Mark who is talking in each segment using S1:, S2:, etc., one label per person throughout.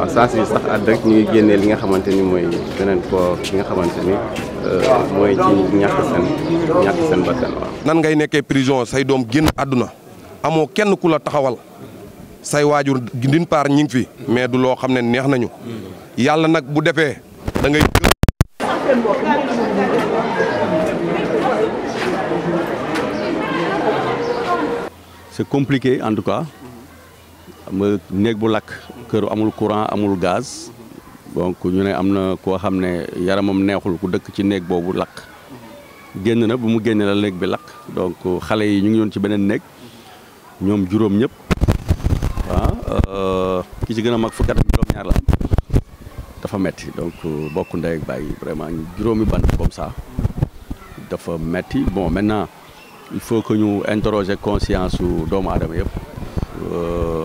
S1: waaw saa si sax at rek ñuy génnee li nga xamante ni mooy beneen koor bi nga xamante ni euh, mooy ci ñàkk seen ñàkk nan ngay nekkee prison say doom génn àdduna amoo kenn ku la taxawal say waajur d'une part ñi ngi fi mais du loo xam ne neex nañu yàlla nag bu defee da ngay c'est compliqué en tout cas ma néeg bu lakk kër amul courant amul gaz donc ñu ne am na koo xam ne yaramam neexul ku dëkk ci néeg boobu lakk génn na bu mu génnee la néeg bi lakk donc xale yi ñu ngi doon ci beneen néeg ñoom juróom ñëpp ah euh, ki ci gën a mag fukki at ak juróom-ñaar la dafa metti donc bokk ndey ak bàyyi vraiment ñu juróomi bant comme ça dafa metti bon maintenant il faut que ñu interroger conscience su doomu aadama yëpp. Euh,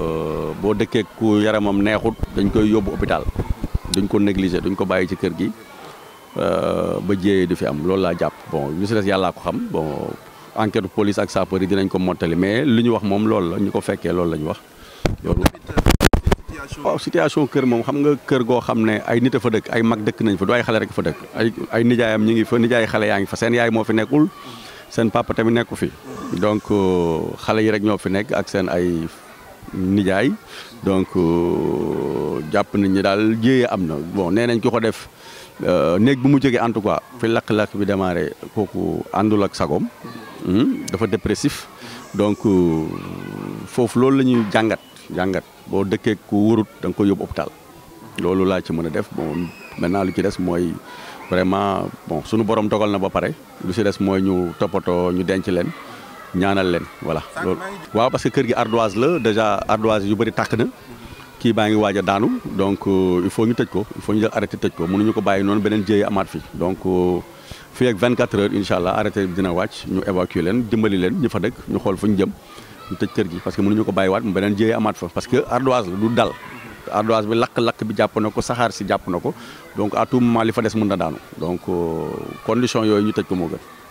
S1: boo dëkkee ku yaramam neexut dañ koy yóbbu hôpital duñ ko négliger duñ ko bàyyi ci kër gi euh, ba jéyee di fi am loolu laa jàpp bon ñu si yàllaa ko xam bon enquête police ak sapeur yi dinañ ko mottali mais li ñu wax moom loolu la ñu ko fekkee loolu la ñu wax loolu waaw situation kër moom xam nga kër goo xam ne ay nit a fa dëkk ay mag dëkk nañ fa du ay xale rek fa dëkk ay nijaayam ñu ngi fa nijaay xale yaa ngi fa seen yaay moo fi nekkul seen papa tamit nekku fi donc euh, xale yi rek ñoo fi nekk ak seen ay nijaay donc euh, jàpp nañ ñi daal jéeye am na bon nee nañ ki ko def euh, néeg bi mu jógee en tout cas fi lakk-lakk bi démarré kooku àndul ak sagoom hmm? dafa dépressif donc euh, foofu loolu la ñuy jàngat jàngat boo dëkkee ku wurut da ko koy yóbbu hôpital loolu laa ci mën a def bon maintenant lu ci des mooy vraiment bon sunu borom dogal na ba pare lu ci des mooy ñu toppatoo ñu denc leen ñaanal leen voilà loolu. waaw parce que kër gi ardoise la déjà ardoise yu bëri tàkk na kii baa ngi waaj a daanu donc euh, il faut ñu tëj ko il faut ñu jël arrêté tëj ko mënuñu ko bàyyi noonu beneen jéey amaat fi donc euh, fii ak 24 heures incha allah arrêté dina wàcc ñu évacuer leen dimbali leen ñu fa dëkk ñu xool fu ñu jëm ñu tëj kër gi parce que mënuñu ko bàyyiwaat mu beneen jéey amaat fa parce que ardoise la du dal. ardoise bi lakk-lakk bi jàpp na ko saxaar si jàpp na ko donc à tout moment li fa des mën na daanu donc euh, condition yooyu ñu tëj ko moo gën.